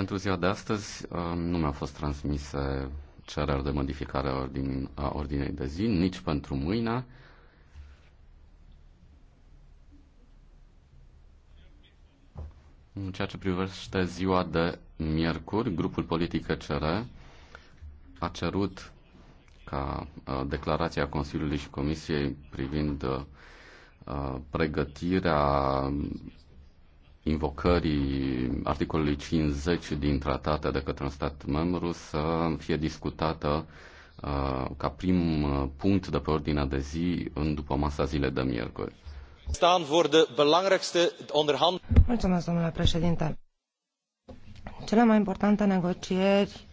Pentru ziua de astăzi uh, nu mi-au fost transmise cereri de modificare a, ordinei de zi, nici pentru mâine. În ceea ce privește ziua de miercuri, grupul politic ECR a cerut ca uh, declarația Consiliului și Comisiei privind uh, pregătirea invocării articolului 50 din tratate de către un stat membru să fie discutată uh, ca prim uh, punct de pe ordinea de zi în după masa zilei de miercuri. de Mulțumesc, domnule președinte. Cele mai importante negocieri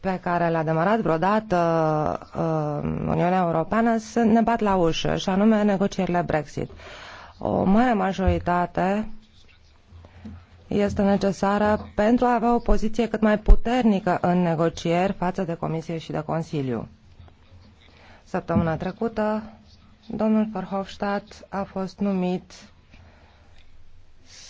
pe care le-a demarat vreodată uh, Uniunea Europeană se ne bat la ușă, și anume negocierile Brexit. O mare majoritate este necesară pentru a avea o poziție cât mai puternică în negocieri față de Comisie și de Consiliu. Săptămâna trecută, domnul Verhofstadt a fost numit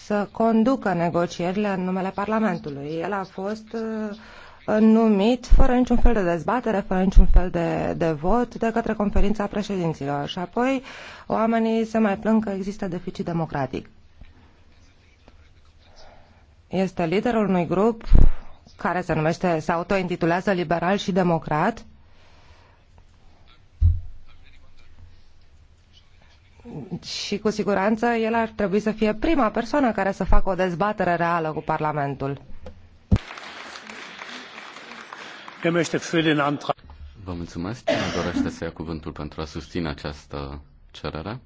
să conducă negocierile în numele Parlamentului. El a fost uh, numit fără niciun fel de dezbatere, fără niciun fel de, de vot, de către conferința președinților. Și apoi oamenii se mai plâng că există deficit democratic este liderul unui grup care se numește, se autointitulează liberal și democrat. Și cu siguranță el ar trebui să fie prima persoană care să facă o dezbatere reală cu Parlamentul. Er vă mulțumesc. Cine dorește să ia cuvântul pentru a susține această cerere?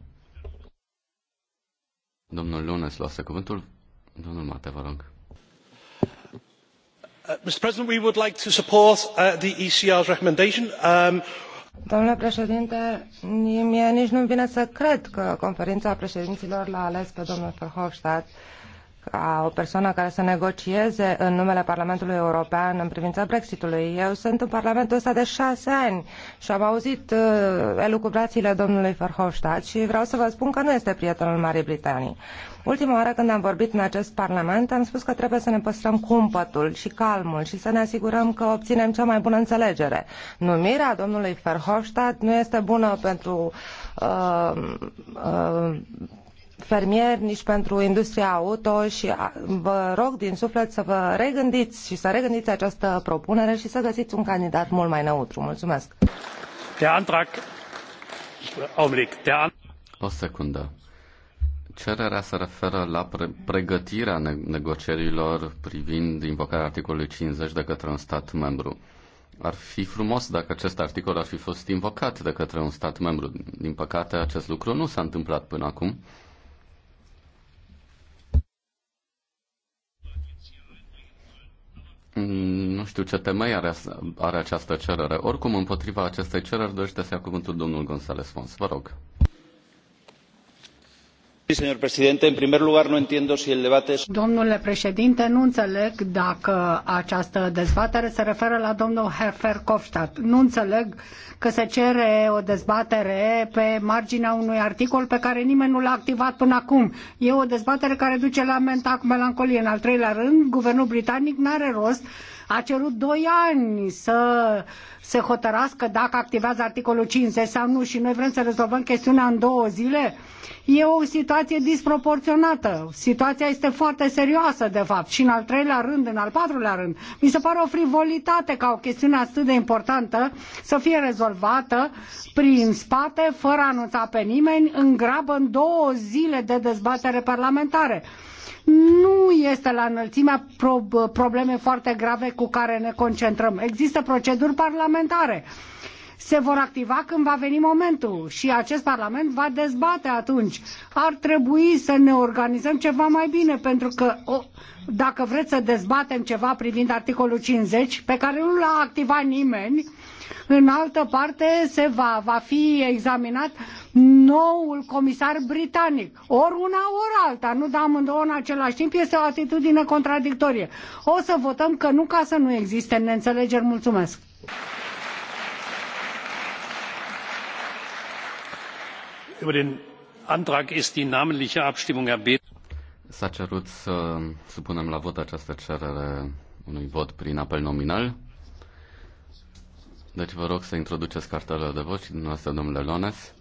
Domnul Lunes luase cuvântul. Domnul Mate, vă rog. Uh, Mr. President, we would like to support uh, the ECR's recommendation. Um, Domnule președinte, mie nici nu-mi vine să cred că conferința președinților l-a ales pe domnul Verhofstadt ca o persoană care să negocieze în numele Parlamentului European în privința Brexitului. Eu sunt în Parlamentul ăsta de șase ani și am auzit uh, elucubrațiile domnului Verhofstadt și vreau să vă spun că nu este prietenul Marii Britanii. Ultima oară când am vorbit în acest Parlament, am spus că trebuie să ne păstrăm cumpătul și calmul și să ne asigurăm că obținem cea mai bună înțelegere. Numirea domnului Verhofstadt nu este bună pentru uh, uh, fermieri, nici pentru industria auto și vă rog din suflet să vă regândiți și să regândiți această propunere și să găsiți un candidat mult mai neutru. Mulțumesc! Der Antrag... Augenblick. Der O secundă. Cererea se referă la pre- pregătirea ne- negocierilor privind invocarea articolului 50 de către un stat membru. Ar fi frumos dacă acest articol ar fi fost invocat de către un stat membru. Din păcate, acest lucru nu s-a întâmplat până acum Mm, nu știu ce temei are, are această cerere. Oricum, împotriva acestei cereri, dorește să ia cuvântul domnul González Fons. Vă rog. Señor presidente, en primer lugar no entiendo si el debate... Domnule președinte, nu înțeleg dacă această dezbatere se referă la domnul Herfer Nu înțeleg că se cere o dezbatere pe marginea unui articol pe care nimeni nu l-a activat până acum. E o dezbatere care duce la melancolie. În al treilea rând, guvernul britanic nu are rost a cerut doi ani să se hotărască dacă activează articolul 50 sau nu și noi vrem să rezolvăm chestiunea în două zile. E o situație disproporționată. Situația este foarte serioasă, de fapt, și în al treilea rând, în al patrulea rând. Mi se pare o frivolitate ca o chestiune atât de importantă să fie rezolvată prin spate, fără a anunța pe nimeni, în grabă, în două zile de dezbatere parlamentară nu este la înălțimea probleme foarte grave cu care ne concentrăm. Există proceduri parlamentare se vor activa când va veni momentul și acest Parlament va dezbate atunci. Ar trebui să ne organizăm ceva mai bine, pentru că o, dacă vreți să dezbatem ceva privind articolul 50, pe care nu l-a activat nimeni, în altă parte se va, va fi examinat noul comisar britanic. Ori una, ori alta, nu da amândouă în același timp, este o atitudine contradictorie. O să votăm că nu ca să nu existe neînțelegeri. Mulțumesc! Über den Antrag ist die namentliche Abstimmung erbeten. S-a cerut să supunem la vot această cerere unui vot prin apel nominal. Deci vă rog să introduceți cartelele de vot și dumneavoastră, domnule Lones.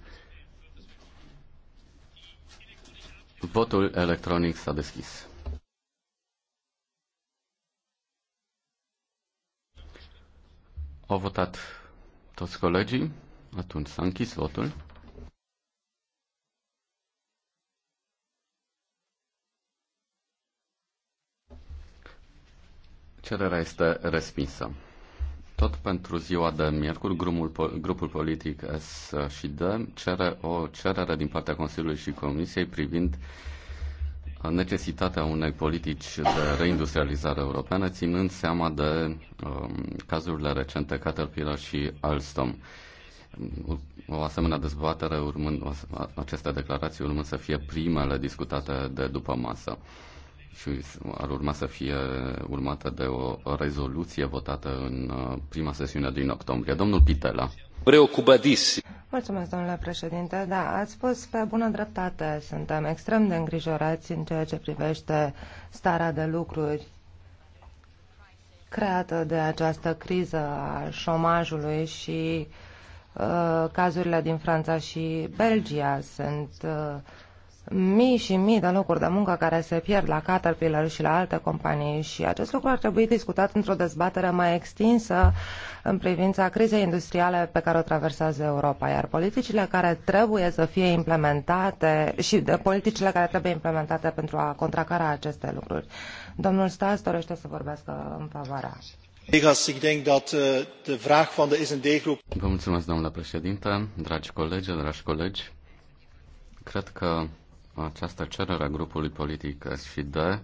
Votul electronic s-a deschis. Au votat toți colegii, atunci s-a închis votul. Cererea este respinsă. Tot pentru ziua de miercuri, grupul, grupul politic S și D cere o cerere din partea Consiliului și Comisiei privind necesitatea unei politici de reindustrializare europeană, ținând seama de um, cazurile recente Caterpillar și Alstom. O asemenea dezbatere urmând, aceste declarații urmând să fie primele discutate de după masă și ar urma să fie urmată de o rezoluție votată în uh, prima sesiune din octombrie. Domnul Pitela. Preocupadisi. Mulțumesc, domnule președinte. Da, ați spus pe bună dreptate. Suntem extrem de îngrijorați în ceea ce privește starea de lucruri creată de această criză a șomajului și uh, cazurile din Franța și Belgia sunt uh, mii și mii de locuri de muncă care se pierd la Caterpillar și la alte companii și acest lucru ar trebui discutat într-o dezbatere mai extinsă în privința crizei industriale pe care o traversează Europa, iar politicile care trebuie să fie implementate și de politicile care trebuie implementate pentru a contracara aceste lucruri. Domnul Stas dorește să vorbească în favoarea. Eh, Vă mulțumesc, domnule președinte, dragi colegi, dragi colegi. Cred că această cerere a grupului politic SD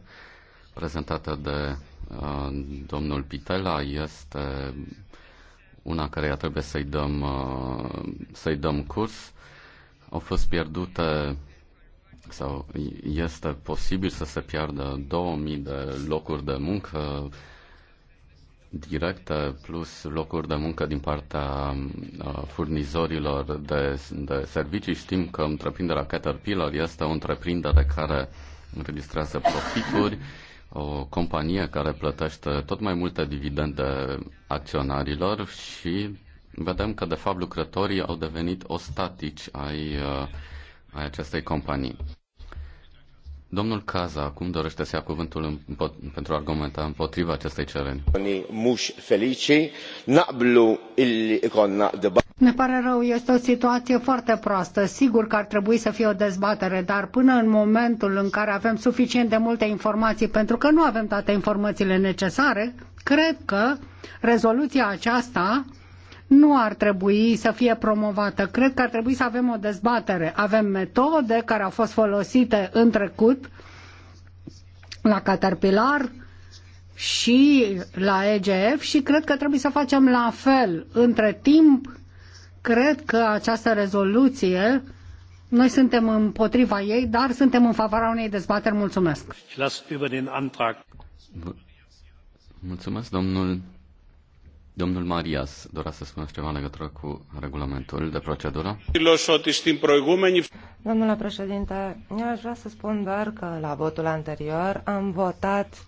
prezentată de uh, domnul Pitela este una care trebuie să-i dăm, uh, să-i dăm curs. Au fost pierdute sau este posibil să se piardă 2000 de locuri de muncă, directe plus locuri de muncă din partea uh, furnizorilor de, de servicii. Știm că întreprinderea Caterpillar este o întreprindere care înregistrează profituri, o companie care plătește tot mai multe dividende acționarilor și vedem că, de fapt, lucrătorii au devenit ostatici ai, uh, ai acestei companii. Domnul Caza acum dorește să ia cuvântul în, pentru a argumenta împotriva acestei cereri. Ne pare rău, este o situație foarte proastă. Sigur că ar trebui să fie o dezbatere, dar până în momentul în care avem suficient de multe informații, pentru că nu avem toate informațiile necesare, cred că rezoluția aceasta nu ar trebui să fie promovată. Cred că ar trebui să avem o dezbatere. Avem metode care au fost folosite în trecut la Caterpillar și la EGF și cred că trebuie să facem la fel. Între timp, cred că această rezoluție noi suntem împotriva ei, dar suntem în favoarea unei dezbateri. Mulțumesc. Mulțumesc, domnul Domnul Marias, dorea să spună ceva în legătură cu regulamentul de procedură? Domnule președinte, eu aș vrea să spun doar că la votul anterior am votat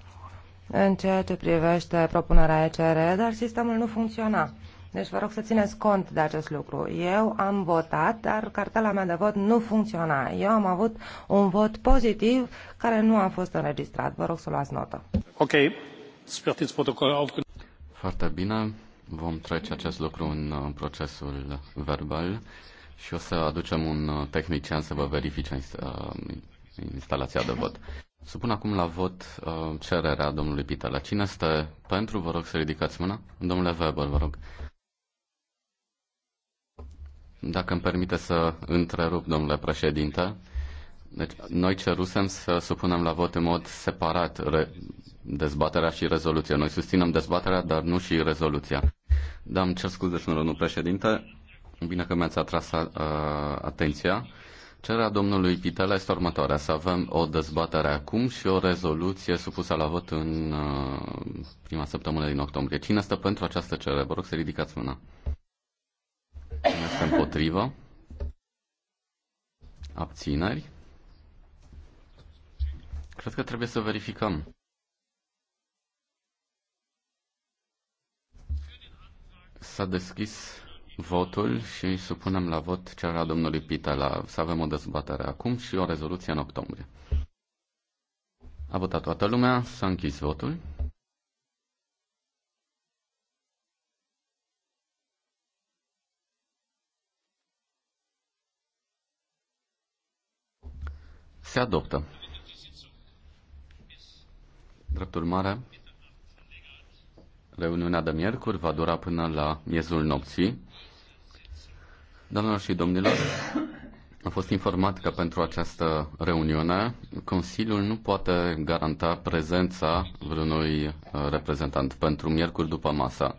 în ceea ce privește propunerea ECR, dar sistemul nu funcționa. Deci vă rog să țineți cont de acest lucru. Eu am votat, dar cartela mea de vot nu funcționa. Eu am avut un vot pozitiv care nu a fost înregistrat. Vă rog să luați notă. Ok. Sper protocolul. Foarte bine. Vom trece acest lucru în uh, procesul verbal și o să aducem un uh, tehnician să vă verifice uh, instalația de vot. Supun acum la vot cererea domnului Pitela. Cine este pentru? Vă rog să ridicați mâna. Domnule Weber, vă rog. Dacă îmi permite să întrerup, domnule președinte, deci, noi cerusem să supunem la vot în mod separat re- dezbaterea și rezoluția. Noi susținem dezbaterea, dar nu și rezoluția. Da, îmi cer scuze, domnul președinte. Bine că mi-ați atras a, uh, a, atenția. Cererea domnului Pitela este următoarea, să avem o dezbatere acum și o rezoluție supusă la vot în a, uh, prima săptămână din octombrie. Cine stă pentru această cerere? Vă rog să ridicați mâna. Cine este împotrivă? Abțineri? Cred că trebuie să verificăm. S-a deschis votul și supunem la vot cererea domnului Pitela să avem o dezbatere acum și o rezoluție în octombrie. A votat toată lumea, s-a închis votul. Se adoptă. Drept urmare, reuniunea de miercuri va dura până la miezul nopții. Doamnelor și domnilor, am fost informat că pentru această reuniune Consiliul nu poate garanta prezența vreunui uh, reprezentant pentru miercuri după masa.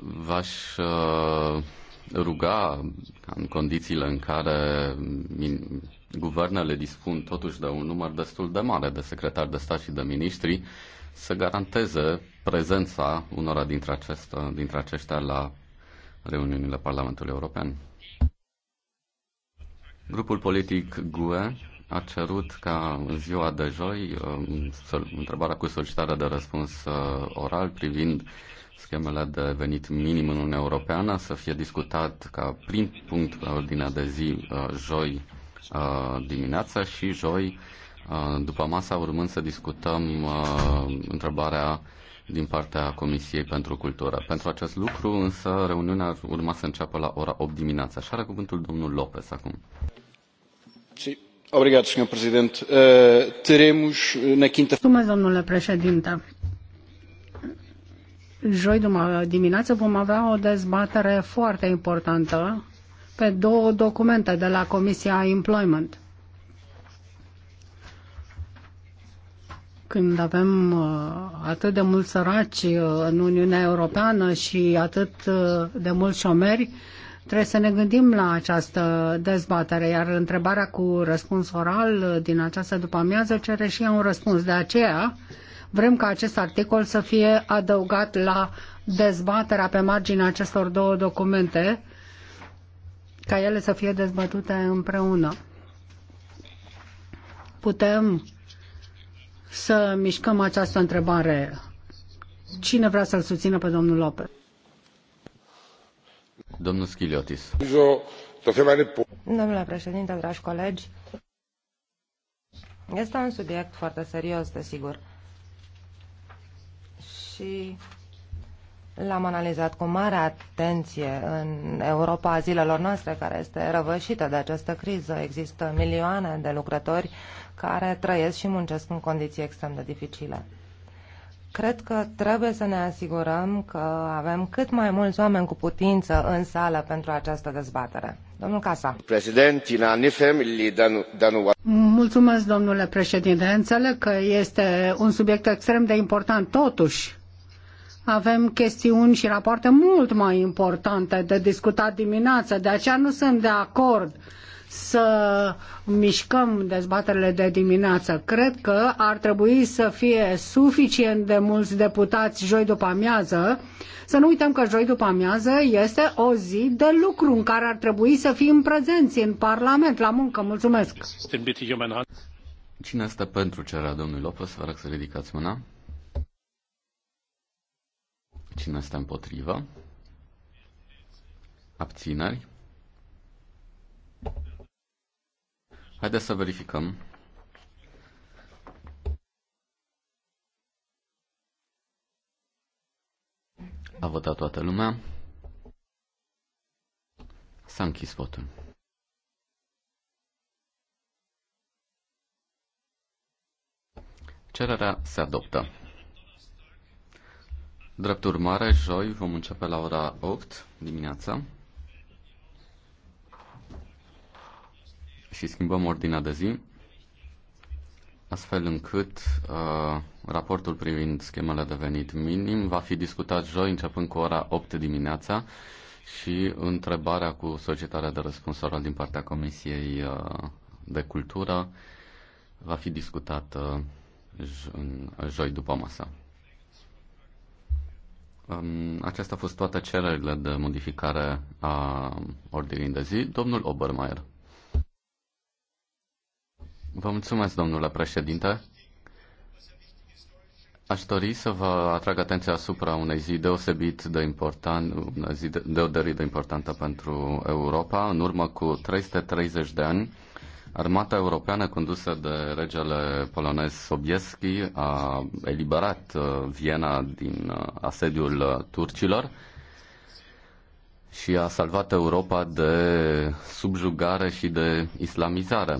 V-aș uh, ruga în condițiile în care guvernele dispun totuși de un număr destul de mare de secretari de stat și de miniștri să garanteze prezența unora dintre, acestea, dintre aceștia la reuniunile Parlamentului European. Grupul politic GUE a cerut ca în ziua de joi um, întrebarea cu solicitarea de răspuns uh, oral privind schemele de venit minim în Uniunea Europeană să fie discutat ca prim punct pe ordinea de zi uh, joi uh, dimineața și joi după masa urmând să discutăm întrebarea din partea Comisiei pentru Cultură. Pentru acest lucru, însă, reuniunea urma să înceapă la ora 8 dimineața. Așa are cuvântul domnul Lopez acum. Sí. Eh, eh, Mulțumesc, domnule președinte. Joi dimineață vom avea o dezbatere foarte importantă pe două documente de la Comisia Employment. Când avem uh, atât de mulți săraci uh, în Uniunea Europeană și atât uh, de mulți șomeri, Trebuie să ne gândim la această dezbatere, iar întrebarea cu răspuns oral din această după-amiază cere și ea un răspuns. De aceea vrem ca acest articol să fie adăugat la dezbaterea pe marginea acestor două documente, ca ele să fie dezbătute împreună. Putem să mișcăm această întrebare. Cine vrea să-l susțină pe domnul Lopez? Domnule președinte, dragi colegi, este un subiect foarte serios, desigur. Și L-am analizat cu mare atenție în Europa a zilelor noastre, care este răvășită de această criză. Există milioane de lucrători care trăiesc și muncesc în condiții extrem de dificile. Cred că trebuie să ne asigurăm că avem cât mai mulți oameni cu putință în sală pentru această dezbatere. Domnul Casa. Mulțumesc, domnule președinte. Înțeleg că este un subiect extrem de important. Totuși, avem chestiuni și rapoarte mult mai importante de discutat dimineață, de aceea nu sunt de acord uh, să mișcăm dezbaterele de dimineață. Cred că ar trebui să fie suficient de mulți deputați joi după amiază. Să nu uităm că joi după amiază este o zi de lucru în care ar trebui să fim prezenți în Parlament la muncă. Mulțumesc! Cine este pentru cererea domnului Lopez? Vă rog să ridicați mâna. Cine este împotrivă? Abțineri? Haideți să verificăm. A votat toată lumea. S-a închis votul. Cererea se adoptă. Drept urmare, joi vom începe la ora 8 dimineața. și schimbăm ordinea de zi, astfel încât uh, raportul privind schemele de venit minim va fi discutat joi începând cu ora 8 dimineața și întrebarea cu solicitarea de răspuns oral din partea Comisiei uh, de Cultură va fi discutată în joi după masă. Um, Aceasta a fost toate cererile de modificare a ordinii de zi. Domnul Obermeier. Vă mulțumesc, domnule președinte. Aș dori să vă atrag atenția asupra unei zi deosebit de important, una zi de, deosebit de importantă pentru Europa. În urmă cu 330 de ani, armata europeană condusă de regele polonez Sobieski a eliberat uh, Viena din uh, asediul uh, turcilor și a salvat Europa de subjugare și de islamizare.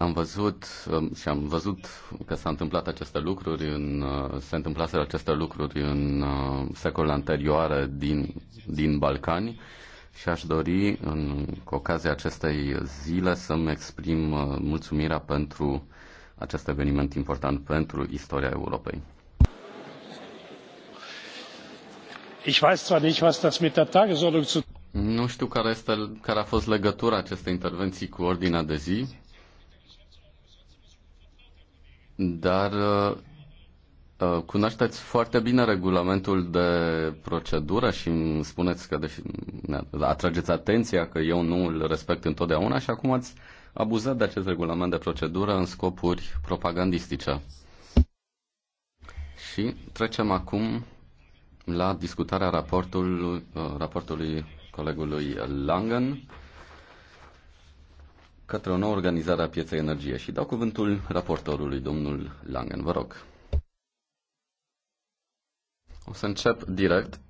Am văzut um, și am văzut că s-a întâmplat aceste lucruri în, uh, se întâmplaseră aceste lucruri în uh, secolele anterioare din, din Balcani și aș dori în, cu ocazia acestei zile să-mi exprim uh, mulțumirea pentru acest eveniment important pentru istoria Europei. Ich weiß zwar nicht, was das mit der Tagesordnung zu nu știu care, este, care a fost legătura acestei intervenții cu ordinea de zi, dar uh, uh, cunoașteți foarte bine regulamentul de procedură și îmi spuneți că deși, atrageți atenția că eu nu îl respect întotdeauna și acum ați abuzat de acest regulament de procedură în scopuri propagandistice. Și trecem acum la discutarea raportul, uh, raportului colegului Langen către o nouă organizare a pieței energie și dau cuvântul raportorului, domnul Langen. Vă rog. O să încep direct